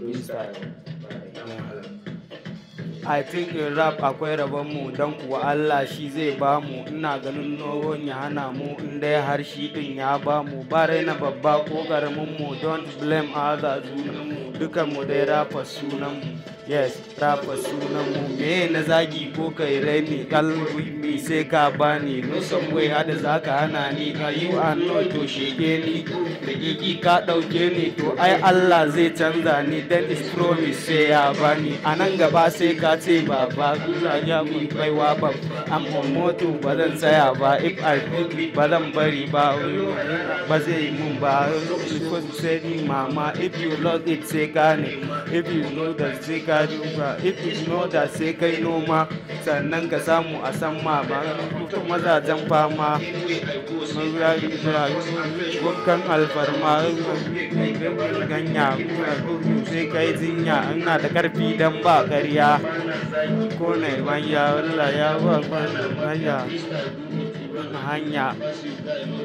比赛。I think in rap akwai rabon mu dan kuwa Allah shi zai ba mu ina ganin nohon ya hana mu in dai har shi din ya ba mu ba na babba ko karamin mu don blame others mu dukan mu dai rapa sunan mu yes rapa sunan mu me na zagi ko kai raini mi sai ka bani no some way hada zaka hana ni ka yi anno to shege ni da kiki ka dauke ni to ai Allah zai canza ni then is promise sai ya bani anan gaba sai ka ce ba ba zan ya baiwa ba amma moto ba zan tsaya ba if i ba zan bari ba ba zai yi mun ba because sai ni mama if you love it sai ka if you know that sai ka duba if you know that sai kai noma sannan ka samu a san ma ba kuma mazajen fama kan alfarma ganya sai kai jinya ina da karfi dan ba karya kone hanya Allah ya ba hanya hanya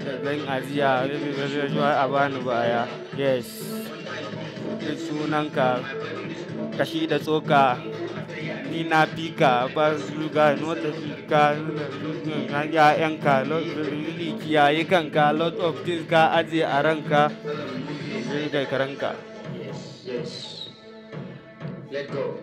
da zan ajiya a bani baya yes duk sunanka kashi da tsoka ni na pika ba zuga nota fika hanya yanka kiyaye kanka lot of things ka aje a ranka da karanka Yes. Let go.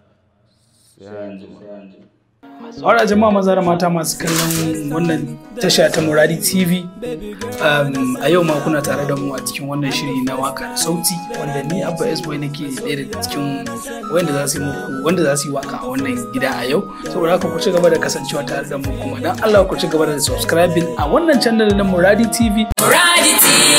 Wara jama'a maza da mata masu kallon wannan tasha ta Muradi TV. Um, a yau ma kuna tare da mu a cikin wannan shiri na waka da sauti wanda ni Abba S-Boy nake ɗaya daga cikin wanda za su yi muku wanda za su yi waka a wannan gida a yau. Saboda haka ku ci gaba da kasancewa tare da mu kuma dan Allah ku ci gaba da subscribing a wannan channel na Muradi TV. Muradi TV.